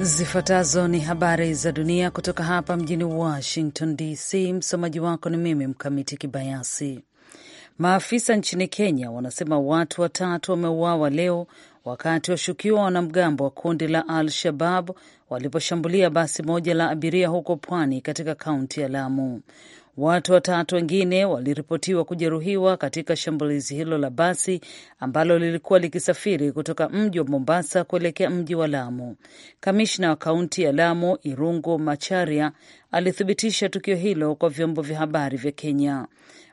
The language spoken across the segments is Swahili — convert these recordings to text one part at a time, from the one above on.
Zifuatazo ni habari za dunia kutoka hapa mjini Washington DC. Msomaji wako ni mimi Mkamiti Kibayasi. Maafisa nchini Kenya wanasema watu watatu wameuawa leo wakati washukiwa wanamgambo wa kundi la Al Shabab waliposhambulia basi moja la abiria huko pwani katika kaunti ya Lamu. Watu watatu wengine waliripotiwa kujeruhiwa katika shambulizi hilo la basi ambalo lilikuwa likisafiri kutoka mji wa Mombasa kuelekea mji wa Lamu. Kamishna wa kaunti ya Lamu, Irungu Macharia, alithibitisha tukio hilo kwa vyombo vya habari vya Kenya.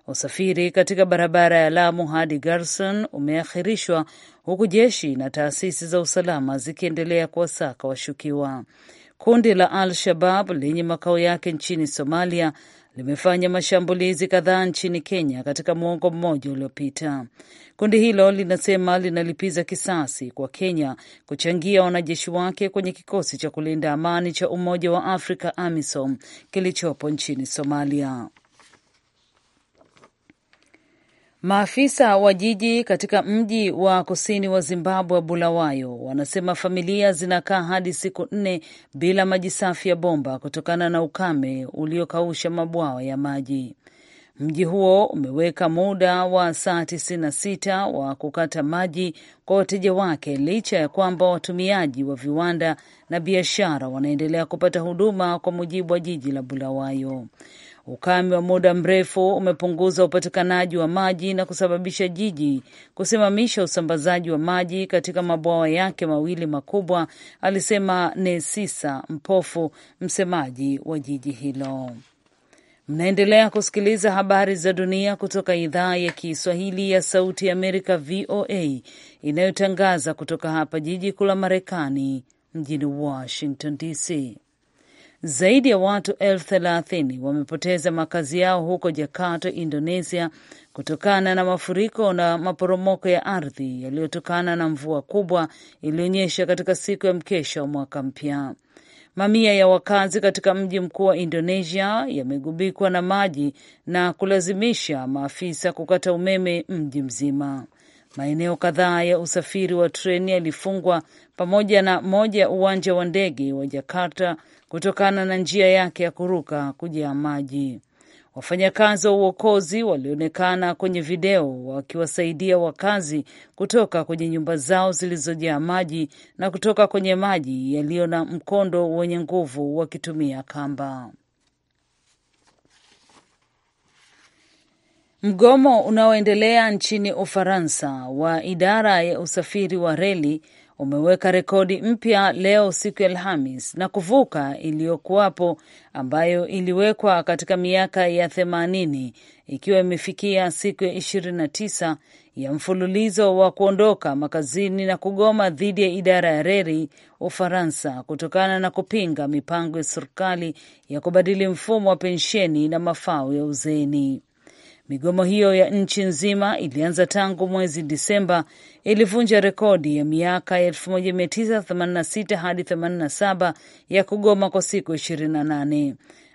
Usafiri katika barabara ya Lamu hadi Garson umeakhirishwa huku jeshi na taasisi za usalama zikiendelea kuwasaka washukiwa. Kundi la Al Shabab lenye makao yake nchini Somalia limefanya mashambulizi kadhaa nchini Kenya katika mwongo mmoja uliopita. Kundi hilo linasema linalipiza kisasi kwa Kenya kuchangia wanajeshi wake kwenye kikosi cha kulinda amani cha Umoja wa Afrika AMISOM kilichopo nchini Somalia. Maafisa wa jiji katika mji wa kusini wa Zimbabwe, Bulawayo, wanasema familia zinakaa hadi siku nne bila maji safi ya bomba kutokana na ukame uliokausha mabwawa ya maji. Mji huo umeweka muda wa saa 96 wa kukata maji kwa wateja wake licha ya kwamba watumiaji wa viwanda na biashara wanaendelea kupata huduma, kwa mujibu wa jiji la Bulawayo. Ukame wa muda mrefu umepunguza upatikanaji wa maji na kusababisha jiji kusimamisha usambazaji wa maji katika mabwawa yake mawili makubwa, alisema Nesisa Mpofu, msemaji wa jiji hilo. Mnaendelea kusikiliza habari za dunia kutoka idhaa ya Kiswahili ya Sauti ya Amerika, VOA, inayotangaza kutoka hapa jiji kuu la Marekani, mjini Washington DC. Zaidi ya watu elfu thelathini wamepoteza makazi yao huko Jakarta, Indonesia, kutokana na mafuriko na maporomoko ya ardhi yaliyotokana na mvua kubwa iliyonyesha katika siku ya mkesha wa mwaka mpya. Mamia ya wakazi katika mji mkuu wa Indonesia yamegubikwa na maji na kulazimisha maafisa kukata umeme mji mzima. Maeneo kadhaa ya usafiri wa treni yalifungwa pamoja na moja ya uwanja wa ndege wa Jakarta kutokana na njia yake ya kuruka kujaa maji. Wafanyakazi wa uokozi walionekana kwenye video wakiwasaidia wakazi kutoka kwenye nyumba zao zilizojaa maji na kutoka kwenye maji yaliyo na mkondo wenye nguvu wakitumia kamba. Mgomo unaoendelea nchini Ufaransa wa idara ya usafiri wa reli umeweka rekodi mpya leo siku ya Alhamis na kuvuka iliyokuwapo ambayo iliwekwa katika miaka ya themanini ikiwa imefikia siku ya ishirini na tisa ya mfululizo wa kuondoka makazini na kugoma dhidi ya idara ya reli Ufaransa kutokana na kupinga mipango ya serikali ya kubadili mfumo wa pensheni na mafao ya uzeeni. Migomo hiyo ya nchi nzima ilianza tangu mwezi Disemba, ilivunja rekodi ya miaka 1986 hadi 87 ya kugoma kwa siku 28.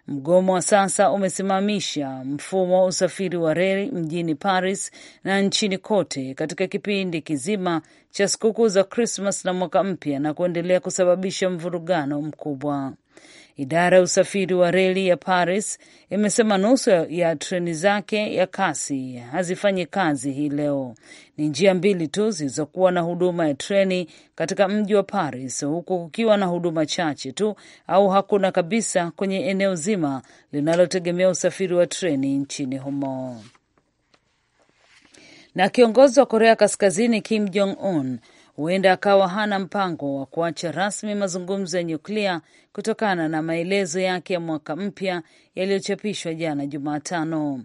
Mgomo wa sasa umesimamisha mfumo wa usafiri wa reli mjini Paris na nchini kote katika kipindi kizima cha sikukuu za Krismas na mwaka mpya na kuendelea kusababisha mvurugano mkubwa. Idara ya usafiri wa reli ya Paris imesema nusu ya treni zake ya kasi hazifanyi kazi hii leo. Ni njia mbili tu zilizokuwa na huduma ya treni katika mji wa Paris, huku kukiwa na huduma chache tu au hakuna kabisa kwenye eneo zima linalotegemea usafiri wa treni nchini humo. Na kiongozi wa Korea Kaskazini Kim Jong Un huenda akawa hana mpango wa kuacha rasmi mazungumzo ya nyuklia kutokana na maelezo yake ya mwaka mpya yaliyochapishwa jana Jumatano.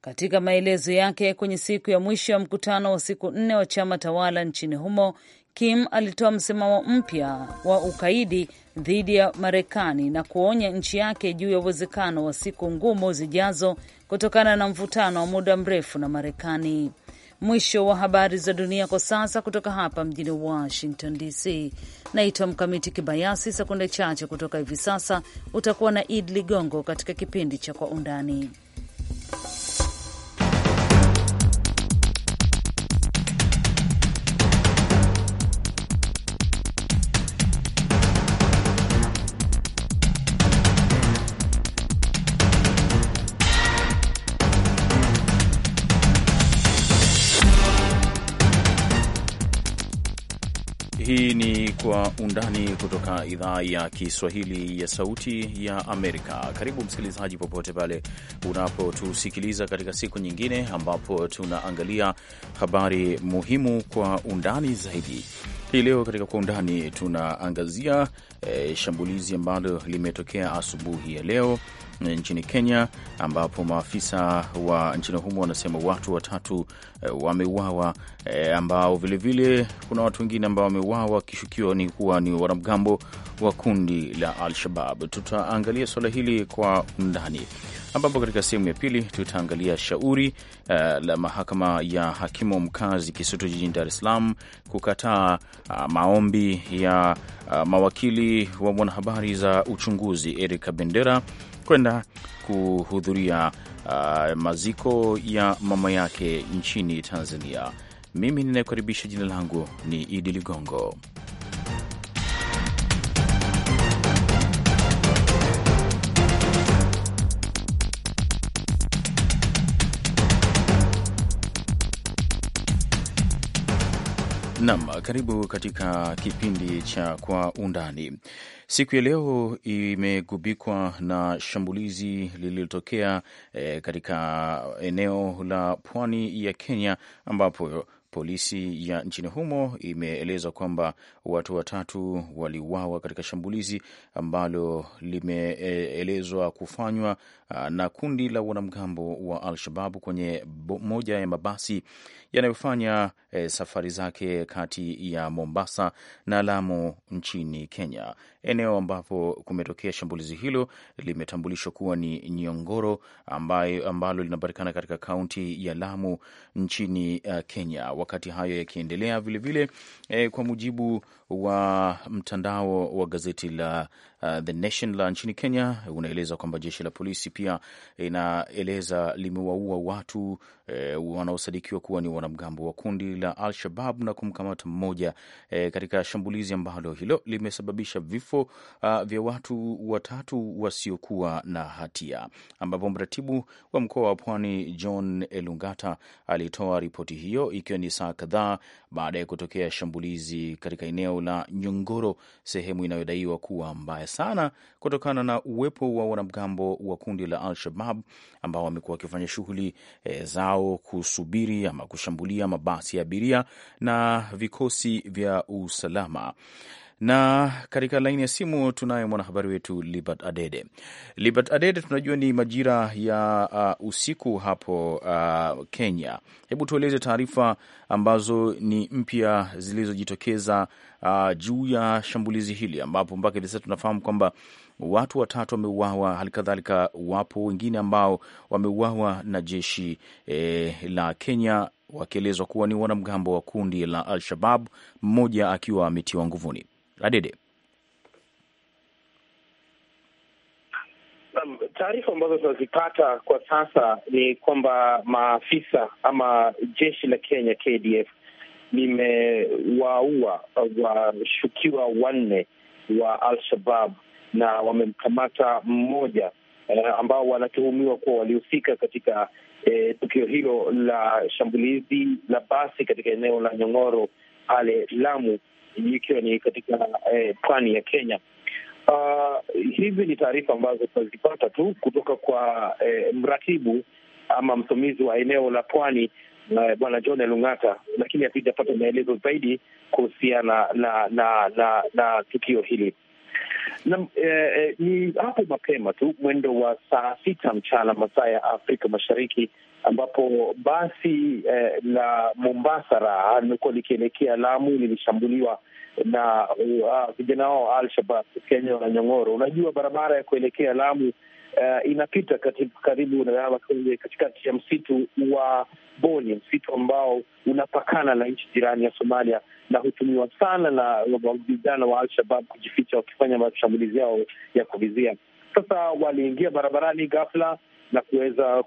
Katika maelezo yake kwenye siku ya mwisho ya mkutano wa siku nne wa chama tawala nchini humo, Kim alitoa msimamo mpya wa ukaidi dhidi ya Marekani na kuonya nchi yake juu ya uwezekano wa siku ngumu zijazo kutokana na mvutano wa muda mrefu na Marekani. Mwisho wa habari za dunia kwa sasa, kutoka hapa mjini Washington DC. Naitwa Mkamiti Kibayasi. Sekunde chache kutoka hivi sasa utakuwa na Id Ligongo katika kipindi cha Kwa Undani. Kwa Undani kutoka idhaa ya Kiswahili ya Sauti ya Amerika. Karibu msikilizaji, popote pale unapotusikiliza katika siku nyingine, ambapo tunaangalia habari muhimu kwa undani zaidi. Hii leo katika Kwa Undani tunaangazia e, shambulizi ambalo limetokea asubuhi ya leo Eh, nchini Kenya, ambapo maafisa wa nchini humo wanasema watu watatu eh, wameuawa, eh, ambao vilevile kuna watu wengine ambao wameuawa wakishukiwa ni kuwa ni wanamgambo wa kundi la Al-Shabab. Tutaangalia suala hili kwa undani ambapo katika sehemu ya pili tutaangalia shauri uh, la mahakama ya hakimu mkazi Kisutu jijini Dar es Salaam kukataa uh, maombi ya uh, mawakili wa mwanahabari za uchunguzi Erika bendera kwenda kuhudhuria uh, maziko ya mama yake nchini Tanzania. Mimi ninayekaribisha, jina langu ni Idi Ligongo. Nam, karibu katika kipindi cha Kwa Undani. Siku ya leo imegubikwa na shambulizi lililotokea e, katika eneo la pwani ya Kenya ambapo polisi ya nchini humo imeeleza kwamba watu watatu waliuawa katika shambulizi ambalo limeelezwa kufanywa ah, na kundi la wanamgambo wa Al-Shababu kwenye moja ya mabasi yanayofanya e, safari zake kati ya Mombasa na Lamu nchini Kenya. Eneo ambapo kumetokea shambulizi hilo limetambulishwa kuwa ni Nyongoro ambayo, ambalo linapatikana katika kaunti ya Lamu nchini uh, Kenya. Wakati hayo yakiendelea vilevile eh, kwa mujibu wa mtandao wa gazeti la uh, The Nation la nchini Kenya unaeleza kwamba jeshi la polisi pia inaeleza limewaua watu eh, wanaosadikiwa kuwa ni wanamgambo wa kundi la Al-Shabab na kumkamata mmoja eh, katika shambulizi ambalo hilo limesababisha vifo vifo uh, vya watu watatu wasiokuwa na hatia, ambapo mratibu wa mkoa wa Pwani John Elungata alitoa ripoti hiyo ikiwa ni saa kadhaa baada ya kutokea shambulizi katika eneo la Nyongoro, sehemu inayodaiwa kuwa mbaya sana kutokana na uwepo wa wanamgambo wa kundi la Al-Shabab ambao wamekuwa wakifanya shughuli e, zao kusubiri ama kushambulia mabasi ya abiria na vikosi vya usalama na katika laini ya simu tunaye mwanahabari wetu Libert Adede. Libert Adede, tunajua ni majira ya uh, usiku hapo uh, Kenya. Hebu tueleze taarifa ambazo ni mpya zilizojitokeza uh, juu ya shambulizi hili, ambapo mpaka hivi sasa tunafahamu kwamba watu watatu wameuawa, hali kadhalika wapo wengine ambao wameuawa na jeshi eh, la Kenya wakielezwa kuwa ni wanamgambo wa kundi la Al Shabab, mmoja akiwa ametiwa nguvuni. Adede. Taarifa ambazo tunazipata kwa sasa ni kwamba maafisa ama jeshi la Kenya KDF limewaua washukiwa wanne wa Al-Shabab na wamemkamata mmoja eh, ambao wanatuhumiwa kuwa walihusika katika eh, tukio hilo la shambulizi la basi katika eneo la Nyong'oro pale Lamu ikiwa ni katika eh, pwani ya Kenya. Uh, hizi ni taarifa ambazo tunazipata tu kutoka kwa eh, mratibu ama msimamizi wa eneo la pwani eh, Bwana John Elung'ata, lakini hatujapata maelezo zaidi kuhusiana na na, na na na tukio hili na eh, eh, ni hapo mapema tu mwendo wa saa sita mchana masaa ya Afrika Mashariki, ambapo basi eh, la Mombasa Raha limekuwa likielekea Lamu lilishambuliwa na uh, vijana uh, wao Alshabab Kenya na Nyong'oro. Unajua, barabara ya kuelekea Lamu uh, inapita karibu na katikati ya msitu wa Boni, msitu ambao unapakana na nchi jirani ya Somalia na hutumiwa sana na vijana wa Al-Shabab kujificha wakifanya mashambulizi yao ya kuvizia. Sasa waliingia barabarani ghafla na kuweza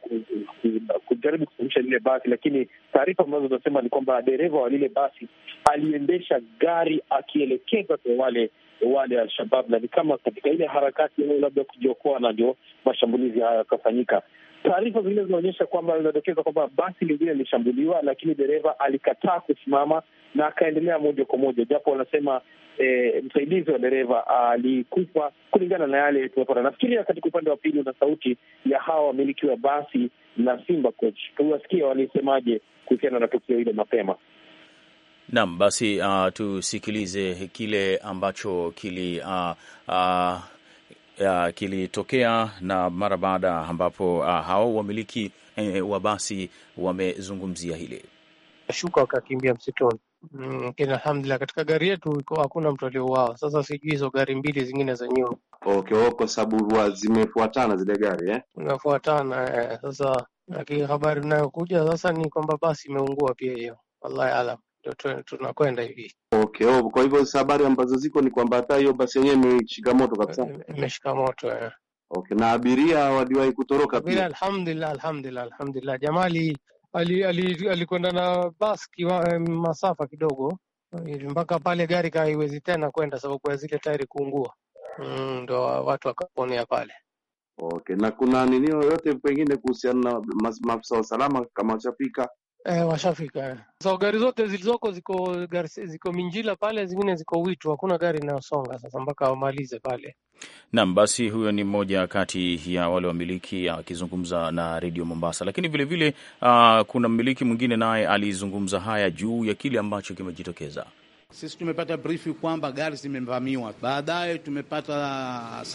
kujaribu kusumisha lile basi, lakini taarifa ambazo zinasema ni kwamba dereva wa lile basi aliendesha gari akielekeza kwa wale wale Alshabab, na ni kama katika ile harakati labda kujiokoa, na ndio mashambulizi hayo yakafanyika. Taarifa zingine zinaonyesha kwamba linadokeza kwamba basi lingine lilishambuliwa, lakini dereva alikataa kusimama na akaendelea moja kwa moja, japo wanasema e, msaidizi wa dereva alikufa, kulingana na yale tumepata. Nafikiria katika upande wa pili una sauti ya hawa wamiliki wa basi na Simba Coach, tuwasikia walisemaje kuhusiana na tukio hilo mapema. Naam, basi uh, tusikilize kile ambacho kili uh, uh, uh, kilitokea na mara baada ambapo uh, hao wamiliki eh, wa basi wamezungumzia hili shuka wakakimbia msituni. Lakini mm, alhamdulillah katika gari yetu hakuna mtu aliouawa. Sasa sijui hizo gari mbili zingine za nyuma okay, kwa sababu zimefuatana zile gari eh? Zinafuatana eh. Sasa lakini habari inayokuja sasa ni kwamba basi imeungua pia hiyo, wallahi alam tunakwenda hivi. Okay, oh, kwa hivyo habari ambazo ziko ni kwamba hata hiyo basi yenyewe imeshika moto kabisa, imeshika moto eh. Okay, na abiria waliwahi kutoroka pia? Alhamdulillah, alhamdulillah, alhamdulillah. Jamali alikwenda ali, ali na basi masafa kidogo mpaka pale gari kaiwezi tena kwenda sababu ya zile tairi kuungua, mm, ndo mm, watu wakaponea pale. Okay, na kuna nini yoyote pengine kuhusiana na maafisa wa usalama kama wachapika Eh, washafika eh. So gari zote zilizoko ziko gari, ziko Minjila pale, zingine ziko Witu, hakuna gari inayosonga sasa mpaka wamalize pale. Naam, basi huyo ni mmoja kati ya wale wamiliki ah, akizungumza na redio Mombasa, lakini vilevile vile, uh, kuna mmiliki mwingine naye alizungumza haya juu ya kile ambacho kimejitokeza. Sisi tumepata brifu kwamba gari zimevamiwa, baadaye tumepata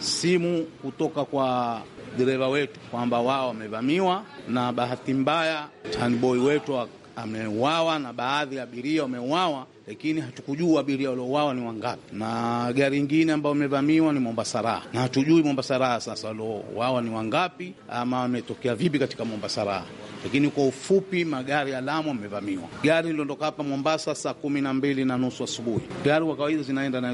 simu kutoka kwa dereva wetu kwamba wao wamevamiwa, na bahati mbaya tanboy wetu ameuawa na baadhi ya abiria wameuawa, lakini hatukujua abiria waliouawa ni wangapi. Na gari ingine ambayo imevamiwa ni Mombasa Raha, na hatujui Mombasa Raha sasa waliouawa ni wangapi ama wametokea vipi katika Mombasa Raha. Lakini kwa ufupi, magari ya Lamu amevamiwa. Gari liliondoka hapa Mombasa saa kumi na mbili na nusu asubuhi. Gari kwa kawaida zinaenda na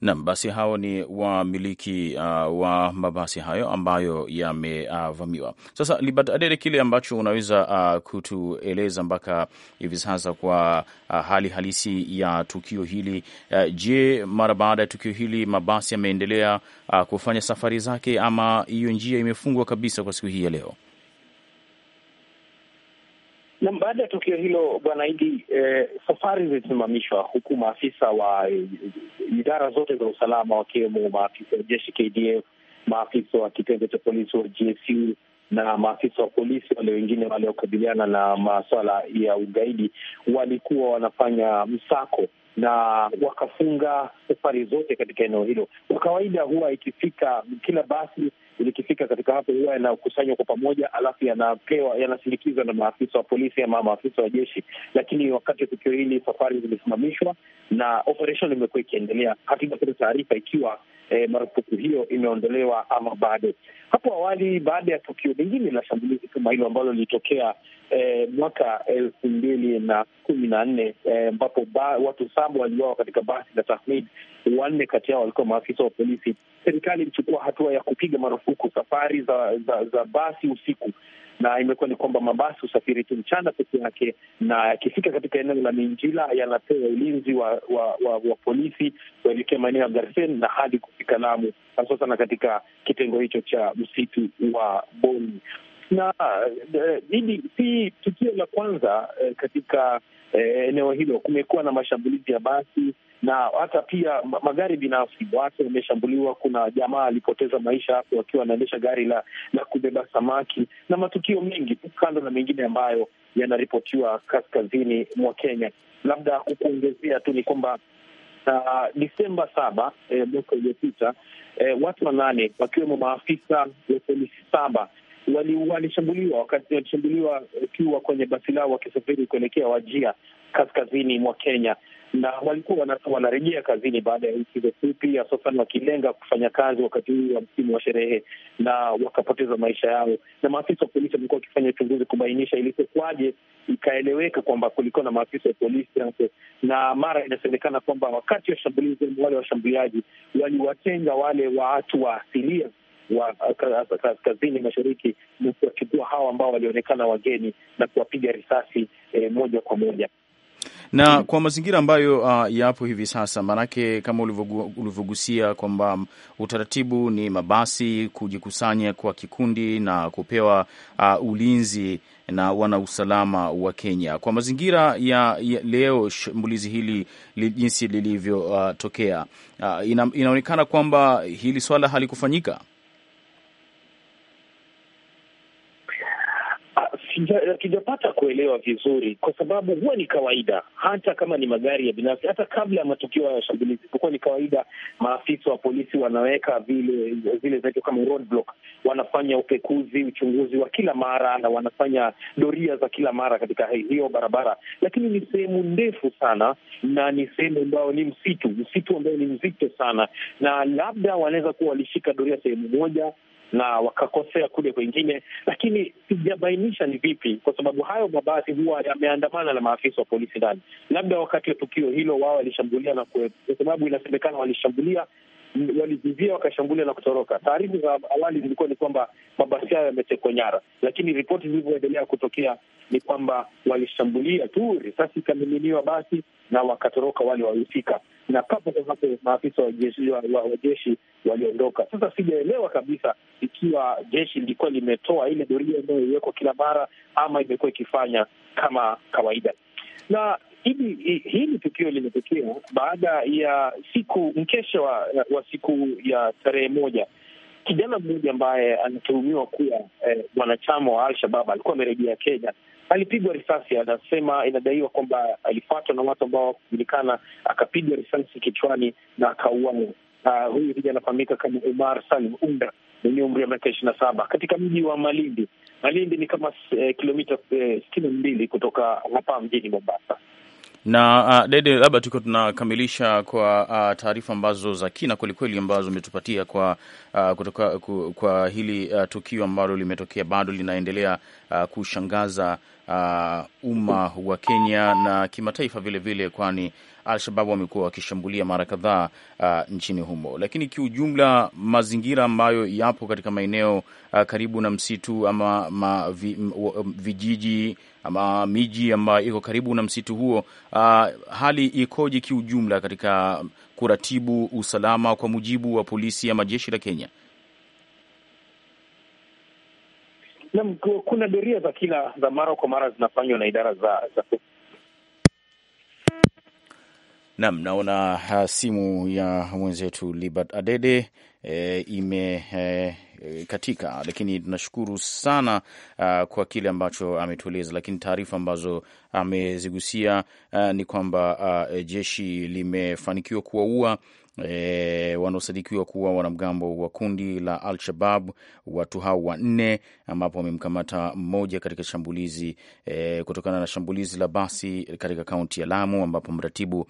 Nam, basi hao ni wamiliki uh, wa mabasi hayo ambayo yamevamiwa. Uh, sasa Libert Adere, kile ambacho unaweza uh, kutueleza mpaka hivi sasa kwa uh, hali halisi ya tukio hili uh, je, mara baada ya tukio hili mabasi yameendelea uh, kufanya safari zake ama hiyo njia imefungwa kabisa kwa siku hii ya leo? Na baada ya tukio hilo bwana Idi, eh, safari zilisimamishwa huku maafisa wa eh, idara zote za usalama wakiwemo maafisa wa jeshi KDF, maafisa wa kitengo cha polisi wa GSU na maafisa wa polisi wale wengine waliokabiliana na maswala ya ugaidi walikuwa wanafanya msako na wakafunga safari zote katika eneo hilo. Kwa kawaida huwa ikifika kila basi likifika katika hapo huwa yanakusanywa kwa pamoja, alafu yanapewa yanasindikizwa na maafisa wa polisi ama maafisa wa jeshi. Lakini wakati wa tukio hili safari zimesimamishwa na operesheni imekuwa ikiendelea. Hatujapata taarifa ikiwa e, marufuku hiyo imeondolewa ama bado. Hapo awali, baada ya tukio lingine la shambulizi kama hilo ambalo lilitokea e, mwaka elfu mbili na kumi na nne eh, ambapo watu saba wanamgambo waliuawa katika basi la Tahmid. Wanne kati yao walikuwa maafisa wa polisi. Serikali ilichukua hatua ya kupiga marufuku safari za, za, za basi usiku, na imekuwa ni kwamba mabasi husafiri tu mchana peke yake, na yakifika katika eneo la Minjila yanapewa ulinzi wa, wa, wa, wa polisi kuelekea maeneo ya Garsen na hadi kufika Lamu, sana katika kitengo hicho cha msitu wa Boni na hili eh, si tukio la kwanza eh, katika eh, eneo hilo. Kumekuwa na mashambulizi ya basi na hata pia magari binafsi, watu wameshambuliwa. Kuna jamaa alipoteza maisha hapo wakiwa anaendesha gari la, la kubeba samaki na matukio mengi tu, kando na mengine ambayo yanaripotiwa kaskazini mwa Kenya. Labda kukuongezea tu ni kwamba Uh, Disemba saba eh, mwaka eh, uliopita eh, watu wanane wakiwemo maafisa wa polisi saba walishambuliwa wakati walishambuliwa wakiwa eh, kwenye basi lao wakisafiri kuelekea Wajia kaskazini mwa Kenya, na walikuwa wanarejea kazini baada ya likizo fupi, hususan wakilenga kufanya kazi wakati huu wa msimu wa sherehe, na wakapoteza maisha yao. Na maafisa wa polisi wamekuwa wakifanya uchunguzi kubainisha ilipokuwaje, ikaeleweka kwamba kulikuwa na maafisa wa polisi na mara inasemekana kwamba wakati wa shambulizi, wale washambuliaji waliwatenga wale watu wa asilia wa kaskazini mashariki ni kuwachukua hawa ambao walionekana wageni na kuwapiga risasi eh, moja kwa moja na kwa mazingira ambayo uh, yapo hivi sasa, maanake kama ulivyogusia kwamba utaratibu ni mabasi kujikusanya kwa kikundi na kupewa uh, ulinzi na wana usalama wa Kenya. Kwa mazingira ya, ya leo shambulizi hili li, jinsi lilivyotokea, uh, uh, ina, inaonekana kwamba hili swala halikufanyika hatujapata kuelewa vizuri, kwa sababu huwa ni kawaida, hata kama ni magari ya binafsi. Hata kabla ya matukio ya shambulizi, ilikuwa ni kawaida, maafisa wa polisi wanaweka vile zile zinaitwa kama roadblock, wanafanya upekuzi, uchunguzi wa kila mara, na wanafanya doria za kila mara katika hiyo barabara, lakini ni sehemu ndefu sana na ni sehemu ambayo ni msitu, msitu ambayo ni mzito sana, na labda wanaweza kuwa walishika doria sehemu moja na wakakosea kule kwengine, lakini sijabainisha ni vipi, kwa sababu hayo mabasi huwa yameandamana na maafisa wa polisi ndani. Labda wakati wa tukio hilo wao walishambulia na kwe, kwa sababu inasemekana walishambulia walivizia wakashambulia na kutoroka. Taarifa za awali zilikuwa ni kwamba mabasi hayo yametekwa nyara, lakini ripoti zilivyoendelea kutokea ni kwamba walishambulia tu, risasi ikamiminiwa basi na wakatoroka wale wahusika na papo kwa hapo maafisa wa jeshi wa jeshi waliondoka. Sasa sijaelewa kabisa ikiwa jeshi lilikuwa limetoa ile doria inayoiwekwa kila mara ama imekuwa ikifanya kama kawaida. Na hili hili tukio limetokea baada ya siku mkesha wa, wa siku ya tarehe moja kijana mmoja ambaye anatuhumiwa kuwa eh, mwanachama eh, wa Alshabab alikuwa amerejea Kenya alipigwa risasi. Anasema inadaiwa kwamba alifuatwa na watu ambao wakujulikana akapigwa risasi kichwani na akauawa. Uh, huyu kijana anafahamika kama Umar Salim Unda mwenye umri wa miaka ishirini na saba katika mji wa Malindi. Malindi ni kama eh, kilomita eh, sitini eh, na mbili kutoka hapa mjini Mombasa na uh, Dede, labda tuko tunakamilisha kwa uh, taarifa ambazo za kina kwelikweli ambazo umetupatia kwa, uh, kutoka, ku, kwa hili uh, tukio ambalo limetokea bado linaendelea uh, kushangaza uh, umma wa Kenya na kimataifa vilevile, kwani alshababu wamekuwa wakishambulia mara kadhaa uh, nchini humo, lakini kiujumla mazingira ambayo yapo katika maeneo uh, karibu na msitu ama ma, vi, m, vijiji ama miji ambayo iko karibu na msitu huo, uh, hali ikoje kiujumla katika kuratibu usalama kwa mujibu wa polisi ama jeshi la Kenya? Naam, kuna doria za kila za mara kwa mara zinafanywa na idara za, za Nam, naona simu ya mwenzetu Libert Adede e, ime e, e katika lakini tunashukuru sana uh, kwa kile ambacho ametueleza, lakini taarifa ambazo amezigusia uh, ni kwamba uh, jeshi limefanikiwa kuwaua E, wanaosadikiwa kuwa wanamgambo wa kundi la Al-Shabab watu hao wanne, ambapo wamemkamata mmoja katika shambulizi e, kutokana na shambulizi la basi katika kaunti ya Lamu ambapo mratibu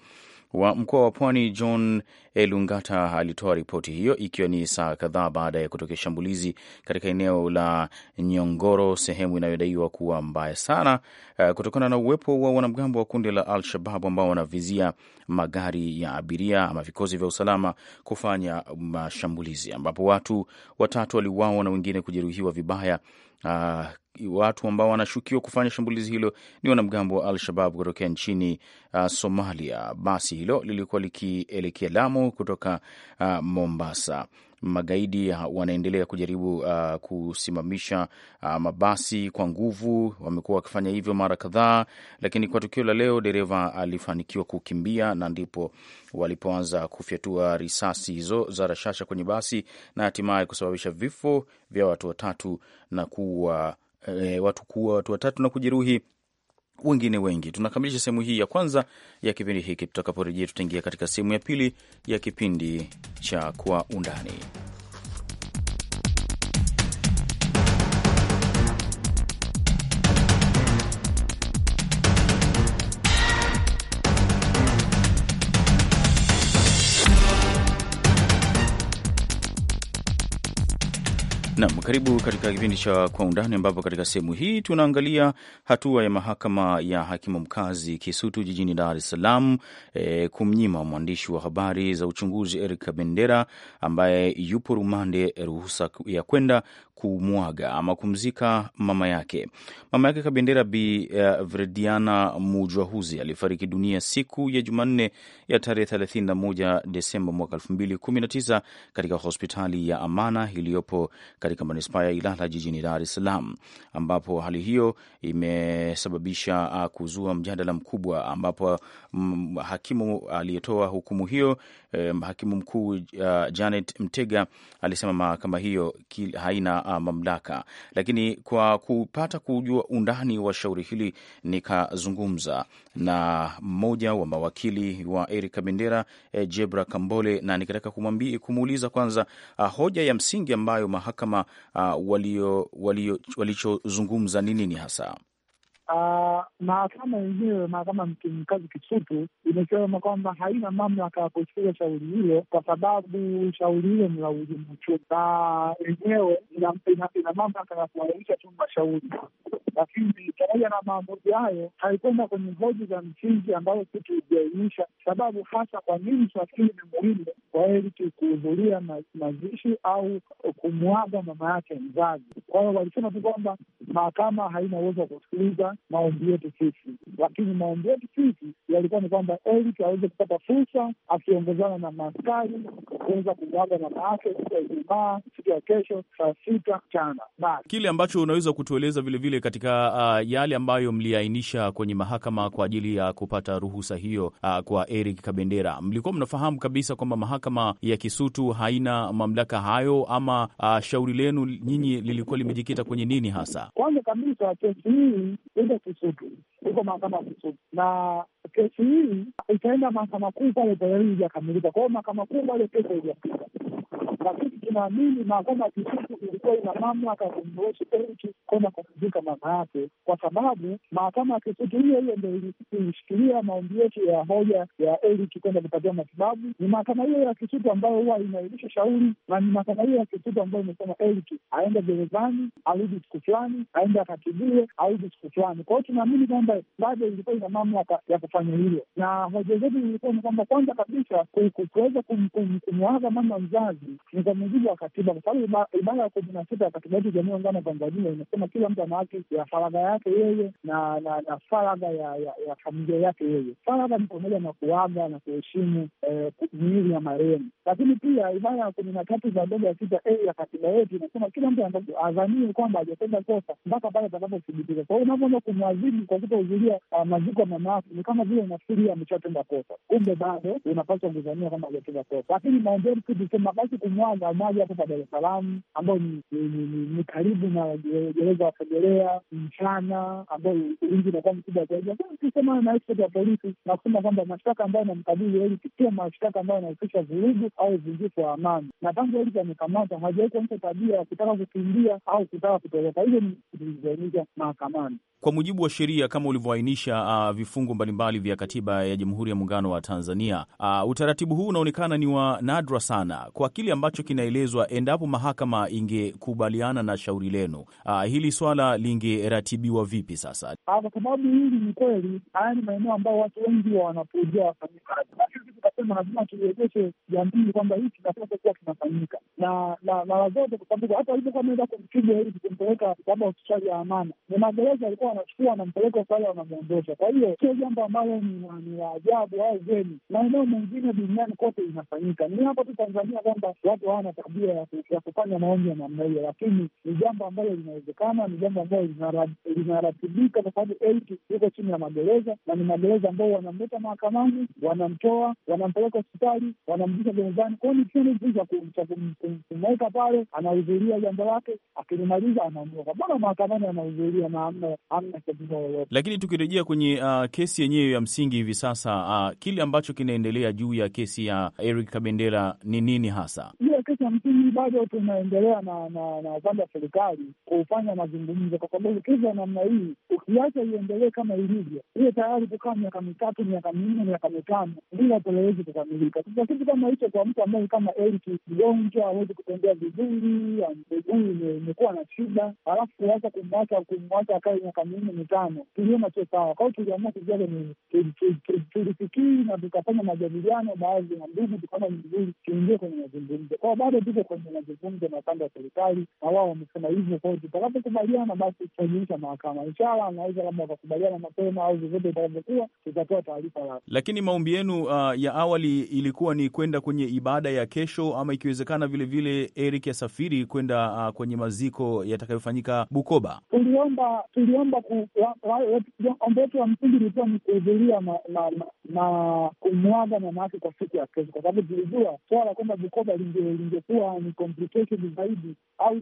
wa mkoa wa Pwani John Elungata alitoa ripoti hiyo ikiwa ni saa kadhaa baada ya kutokea shambulizi katika eneo la Nyongoro, sehemu inayodaiwa kuwa mbaya sana eh, kutokana na uwepo wa wanamgambo wa kundi la Al-Shababu ambao wanavizia magari ya abiria ama vikosi vya usalama kufanya mashambulizi, ambapo watu watatu waliuawa na wengine kujeruhiwa vibaya. Uh, watu ambao wanashukiwa kufanya shambulizi hilo ni wanamgambo wa Al-Shabab kutokea nchini uh, Somalia. Basi hilo lilikuwa likielekea Lamu kutoka uh, Mombasa. Magaidi uh, wanaendelea kujaribu uh, kusimamisha uh, mabasi kwa nguvu. Wamekuwa wakifanya hivyo mara kadhaa, lakini kwa tukio la leo dereva alifanikiwa kukimbia na ndipo walipoanza kufyatua risasi hizo za rashasha kwenye basi na hatimaye kusababisha vifo vya watu watatu na kuua uh, e, watu kuwa watu watatu na kujeruhi wengine wengi. Tunakamilisha sehemu hii ya kwanza ya kipindi hiki. Tutakaporejea tutaingia katika sehemu ya pili ya kipindi cha Kwa Undani. Nam, karibu katika kipindi cha Kwa Undani, ambapo katika sehemu hii tunaangalia hatua ya mahakama ya hakimu mkazi Kisutu jijini Dar es Salaam e, kumnyima mwandishi wa habari za uchunguzi Eric Kabendera ambaye yupo rumande ruhusa ya kwenda kumwaga ama kumzika mama yake. Mama yake Kabendera Bi uh, Vrediana Mujwahuzi alifariki dunia siku ya Jumanne ya tarehe 31 Desemba mwaka 2019 katika hospitali ya Amana iliyopo katika manispaa ya Ilala jijini Dar es Salaam, ambapo hali hiyo imesababisha uh, kuzua mjadala mkubwa, ambapo mm, hakimu aliyetoa hukumu hiyo eh, hakimu mkuu uh, Janet Mtega alisema mahakama hiyo kil, haina uh, mamlaka. Lakini kwa kupata kujua undani wa shauri hili nikazungumza na mmoja wa mawakili wa Eric Kabendera eh, Jebra Kambole, na nikataka kumwambia kumuuliza kwanza uh, hoja ya msingi ambayo mahakama uh, walio, walio, walichozungumza ni nini hasa? Uh, mahakama yenyewe mahakama mkazi Kisutu imesema kwamba haina mamlaka ya kusikiza shauri hilo kwa sababu shauri hilo ni la uhujumu uchumi, na yenyewe ina mamlaka ya kuahirisha tu mashauri. Lakini pamoja na maamuzi hayo, haikwenda kwenye hoja za msingi ambazo kitu hujainisha sababu hasa kwa nini swakili ni muhimu kwa Eriki kuhudhuria mazishi au kumwaga mama yake mzazi. Kwa hiyo walisema tu kwamba mahakama haina uwezo wa kusikiliza maombi yetu sisi, lakini maombi yetu sisi yalikuwa ni kwamba Eric aweze kupata fursa akiongozana na maskari kuweza kumwaga mama yake siku ya Ijumaa, siku ya kesho saa sita mchana. Basi kile ambacho unaweza kutueleza vilevile katika uh, yale ambayo mliainisha kwenye mahakama kwa ajili ya kupata ruhusa hiyo uh, kwa Eric Kabendera, mlikuwa mnafahamu kabisa kwamba mahakama ya Kisutu haina mamlaka hayo, ama uh, shauri lenu nyinyi lilikuwa limejikita kwenye nini hasa? Kwanza kabisa kesi hii itaenda Kisutu, iko mahakama ya Kisutu na kesi hii itaenda mahakama kuu pale tayari ijakamilika. Kwa hiyo mahakama kuu pale pesa ijafika, lakini tunaamini mahakama ya Kisutu ilikuwa ina mamlaka ya kumruhusu benchi kwenda kuvunjika mama yake, kwa sababu mahakama ya Kisutu hiyo hiyo ndo ilishikilia maombi yetu ya hoja ya eriki kwenda kupatia matibabu. Ni mahakama hiyo ya Kisutu ambayo huwa inairisha shauri na ni mahakama hiyo ya Kisutu ambayo imesema Eric aende gerezani, arudi siku fulani, aende akatibiwe, arudi siku fulani. Marekani. Kwa hiyo tunaamini kwamba bado ilikuwa ina mamlaka ya kufanya hilo, na hoja zetu zilikuwa ni kwamba kwanza kabisa kuweza kumwaga mama mzazi ni kwa mujibu wa katiba, kwa sababu ibara ya kumi na sita ya katiba yetu Jamhuri ya Muungano wa Tanzania inasema kila mtu ana haki ya faragha yake yeye na na, na faragha ya, ya, ya familia yake yeye. Faragha ni pamoja na kuaga na kuheshimu eh, miili ya marehemu, lakini pia ibara ya kumi na tatu za dogo ya sita a ya katiba yetu inasema kila mtu adhanie kwamba hajatenda kosa mpaka pale atakapothibitika. Kwa hiyo unavyoona sio kumwadhibu kwa kutohudhuria uh, ah, maziko ya mama yake ni kama vile unafikiria ameshatenda kosa, kumbe bado unapaswa kuzania kama hajatenda kosa. Lakini maombeni si basi kumwaga maji hapo pa Dar es Salaam, ambayo ni karibu na gereza la Segerea, mchana ambayo ulinzi unakuwa mkubwa zaidi, kusema na expert ya polisi na kusema kwamba mashtaka ambayo anamkabili Eric sio mashtaka ambayo yanahusisha vurugu au uvunjifu wa amani, na tangu Eric amekamata hajawahi kuonyesha tabia ya kutaka kukimbia au kutaka kutoroka. Hivyo ni zilizoonyesha mahakamani kwa mujibu wa sheria kama ulivyoainisha uh, vifungu mbalimbali vya katiba ya Jamhuri ya Muungano wa Tanzania, uh, utaratibu huu unaonekana ni wa nadra sana kwa kile ambacho kinaelezwa. Endapo mahakama ingekubaliana na shauri lenu, uh, hili swala lingeratibiwa vipi? Sasa ah, kwa sababu hili ni kweli, haya ni maeneo ambayo watu wengi wanapojia wafanyikazi tukasema lazima tuiwezeshe jamii kwamba hii kinapasa kuwa kinafanyika, na na wazazi kutambua. Hata alipokuwa ameenda kumpiga ili kumpeleka labda hospitali ya Amana, ni magereza alikuwa anachukua anampeleka pale, wanamwondosha. Kwa hiyo sio jambo ambalo ni la ajabu au geni, maeneo mengine duniani kote inafanyika. Ni hapo tu Tanzania kwamba watu hawana tabia ya kufanya maombi ya namna hiyo, lakini ni jambo ambalo linawezekana, ni jambo ambalo linaratibika, kwa sababu iko chini ya magereza na ni magereza ambao wanamleta mahakamani, wanamtoa wanampeleka hospitali, wanamrudisha gerezani. Kwao ni kitu cha kumweka pale, anahudhuria jambo lake, akilimaliza anaondoka. Mbona mahakamani anahudhuria na amna tatizo lolote? Lakini tukirejea kwenye uh, kesi yenyewe ya msingi hivi sasa, uh, kile ambacho kinaendelea juu ya kesi ya Eric Kabendera ni nini hasa? ya kesi ya msingi bado tunaendelea na na, na upande wa serikali kufanya mazungumzo, kwa sababu kesi ya namna hii ukiacha iendelee kama ilivyo, hiyo tayari kukaa miaka mitatu miaka minne miaka mitano bila hawezi kukamilika. Sasa kitu kama hicho kwa mtu ambaye kama Eric mgonjwa, hawezi kutembea vizuri, miguu imekuwa na shida, halafu kuwacha kumwacha kumwacha akae miaka minne mitano, tuliona sio sawa. Kwa hiyo tuliamua kujaza, tulifikiri na tukafanya majadiliano baadhi na ndugu, tukaona ni vizuri tuingie kwenye mazungumzo. Kwao bado tuko kwenye mazungumzo na upande wa serikali, na wao wamesema hivyo. Kwao tutakapokubaliana, basi tutajulisha mahakama. Inshallah anaweza labda wakakubaliana mapema au vyovyote itakavyokuwa, tutatoa taarifa. Lakini maombi yenu uh, ya awali ilikuwa ni kwenda kwenye ibada ya kesho, ama ikiwezekana vilevile Eric asafiri kwenda uh, kwenye maziko yatakayofanyika Bukoba. Tuliomba tuliomba ombi wetu wa msingi ilikuwa ni kuhudhuria na kumwaga mama yake kwa siku ya kesho, kwa sababu tulijua swala la kwenda Bukoba lingekuwa ni complicated zaidi au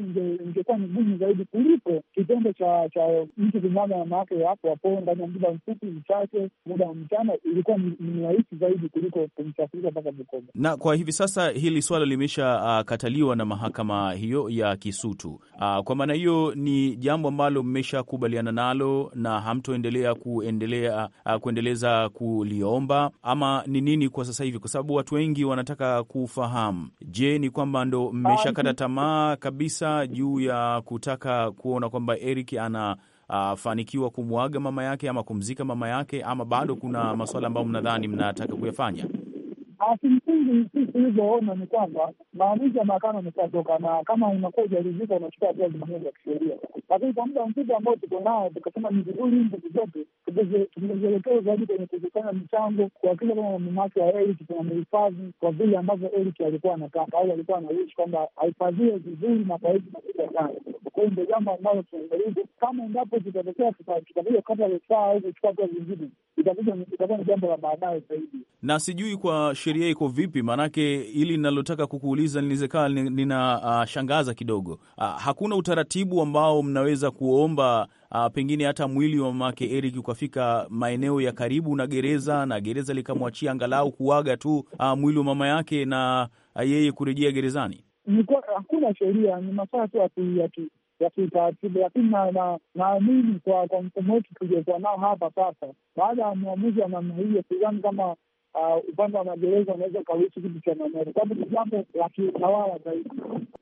ingekuwa ni gumu zaidi kuliko kitendo cha cha mtu kumwaga wanawake wako wapo ndani ya muda mfupi mchache, muda wa mchana, ilikuwa ni rahisi zaidi kuliko kumsafirisha mpaka Bukoba. Na kwa hivi sasa hili swala limesha uh, na mahakama hiyo ya Kisutu. Uh, kwa maana hiyo ni jambo ambalo mmeshakubaliana nalo na hamtoendelea kuendelea uh, kuendeleza kuliomba ama ni nini kwa sasa hivi, kwa sababu watu wengi wanataka kufahamu. Je, ni kwamba ndo mmeshakata ah, tamaa kabisa kabisa juu ya kutaka kuona kwamba Eric anafanikiwa ah, kumwaga mama yake ama kumzika mama yake, ama bado kuna masuala ambayo mnadhani mnataka kuyafanya? Ah, Kimsingi sisi ni kwamba maamuzi ya mahakama ameshatoka, na kama inakuwa ijaridhika unachukua hatua zingine za kisheria, lakini kwa muda mfupi ambao tuko nao, tukasema ni vizuri nguvu zote tumezielekeza zaidi kwenye kukusanya michango, kuhakikisha kama mamake ya Eric tunamhifadhi kwa vile ambavyo Eric alikuwa anataka au alikuwa anawishi kwamba ahifadhiwe vizuri na kwa hizi makubwa sana. Kwa hiyo ndio jambo ambalo tunajaribu, kama endapo zitatokea tutakuja kukata rufaa au kuchukua hatua zingine, itakuwa ni jambo la baadaye zaidi, na sijui kwa sheria iko vipi vipi? Maanake ili linalotaka kukuuliza nilizekaa ninashangaza ah, uh, kidogo uh, hakuna utaratibu ambao mnaweza kuomba uh, pengine hata mwili wa mamake Eric ukafika maeneo ya karibu na gereza na gereza likamwachia angalau kuaga tu uh, mwili wa mama yake na uh, yeye kurejea gerezani? Hakuna sheria, ni masaa tu ya kiutaratibu, lakini naamini kwa mfumo wetu tuliokuwa nao hapa sasa, baada ya mwamuzi wa namna hiyo, sidhani kama uh, upande wa magereza unaweza ukaruhusu kitu cha namna hiyo, sababu ni jambo la kiutawala zaidi,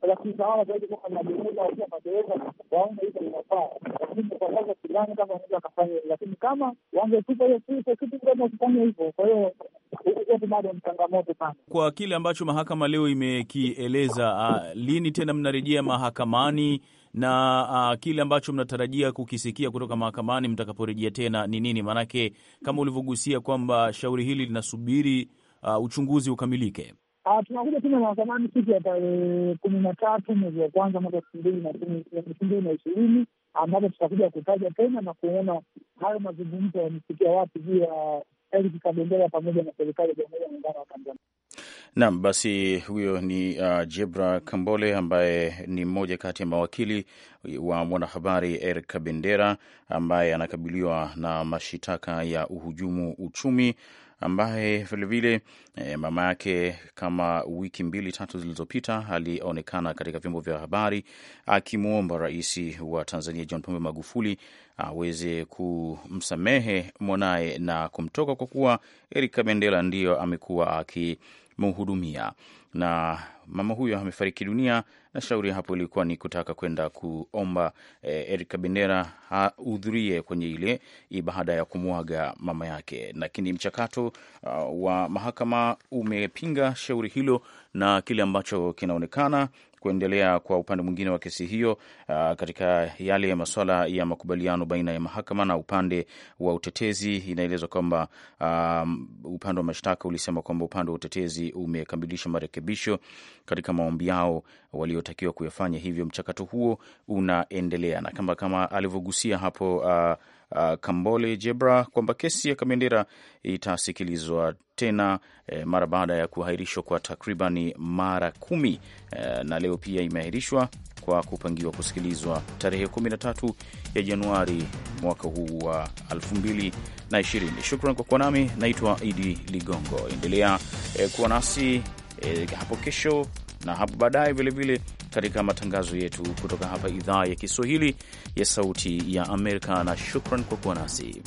la kiutawala zaidi, kwamba magereza wakiwa magereza waone hizo inafaa, lakini kwa sasa sidhani kama wanaweza wakafanya hiyo, lakini kama wangetupa hiyo fursa, kitu kama kufanya hivyo. Kwa hiyo kwetu bado ni changamoto sana, kwa kile ambacho mahakama leo imekieleza. Uh, lini tena mnarejea mahakamani? na uh, kile ambacho mnatarajia kukisikia kutoka mahakamani mtakaporejea tena ni nini? Maanake kama ulivyogusia kwamba shauri hili linasubiri uh, uchunguzi ukamilike. Ah, tunakuja tena mahakamani siku ya tarehe kumi na tatu mwezi wa kwanza mwaka elfu mbili na ishirini ambapo tutakuja kutaja tena na kuona hayo mazungumzo yamefikia wapi juu ya Eric Kabendera pamoja na serikali ya Jamhuri ya Muungano wa Tanzania. Naam, basi huyo ni uh, Jebra Kambole ambaye ni mmoja kati ya mawakili wa mwanahabari Eric Kabendera ambaye anakabiliwa na mashitaka ya uhujumu uchumi ambaye vilevile e, eh, mama yake kama wiki mbili tatu zilizopita alionekana katika vyombo vya habari akimwomba Rais wa Tanzania John Pombe Magufuli aweze kumsamehe mwanaye na kumtoka kwa kuwa Eric Kabendera ndiyo amekuwa aki kumhudumia. Na mama huyo amefariki dunia, na shauri hapo ilikuwa ni kutaka kwenda kuomba eh, Eric Kabendera ahudhurie kwenye ile ibada ya kumwaga mama yake, lakini mchakato uh, wa mahakama umepinga shauri hilo na kile ambacho kinaonekana kuendelea kwa upande mwingine wa kesi hiyo uh, katika yale ya masuala ya makubaliano baina ya mahakama na upande wa utetezi, inaelezwa kwamba um, upande wa mashtaka ulisema kwamba upande wa utetezi umekamilisha marekebisho katika maombi yao waliotakiwa kuyafanya, hivyo mchakato huo unaendelea na kama, kama alivyogusia hapo uh, Uh, Kambole Jebra kwamba kesi ya Kamendera itasikilizwa tena e, mara baada ya kuahirishwa kwa takribani mara kumi e, na leo pia imeahirishwa kwa kupangiwa kusikilizwa tarehe 13 ya Januari mwaka huu wa 2020. Shukran kwa kuwa nami, naitwa Idi Ligongo. Endelea e, kuwa nasi e, hapo kesho na hapo baadaye vilevile katika matangazo yetu kutoka hapa idhaa ya Kiswahili ya Sauti ya Amerika, na shukran kwa kuwa nasi.